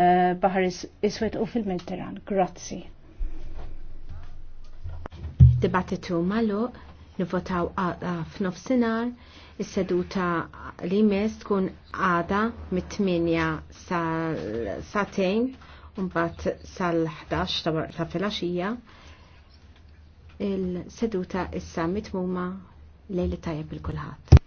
Eh, Bahar iswet u fil-Mediterran. Grazzi. Dibattitu malu, nivotaw għada f'nofsinar, is-seduta li mest tkun għada mit-8 sal-satejn, un-bat sal-11 ta' filaxija. Il-seduta issa mitmuma lejli tajja il-kulħat.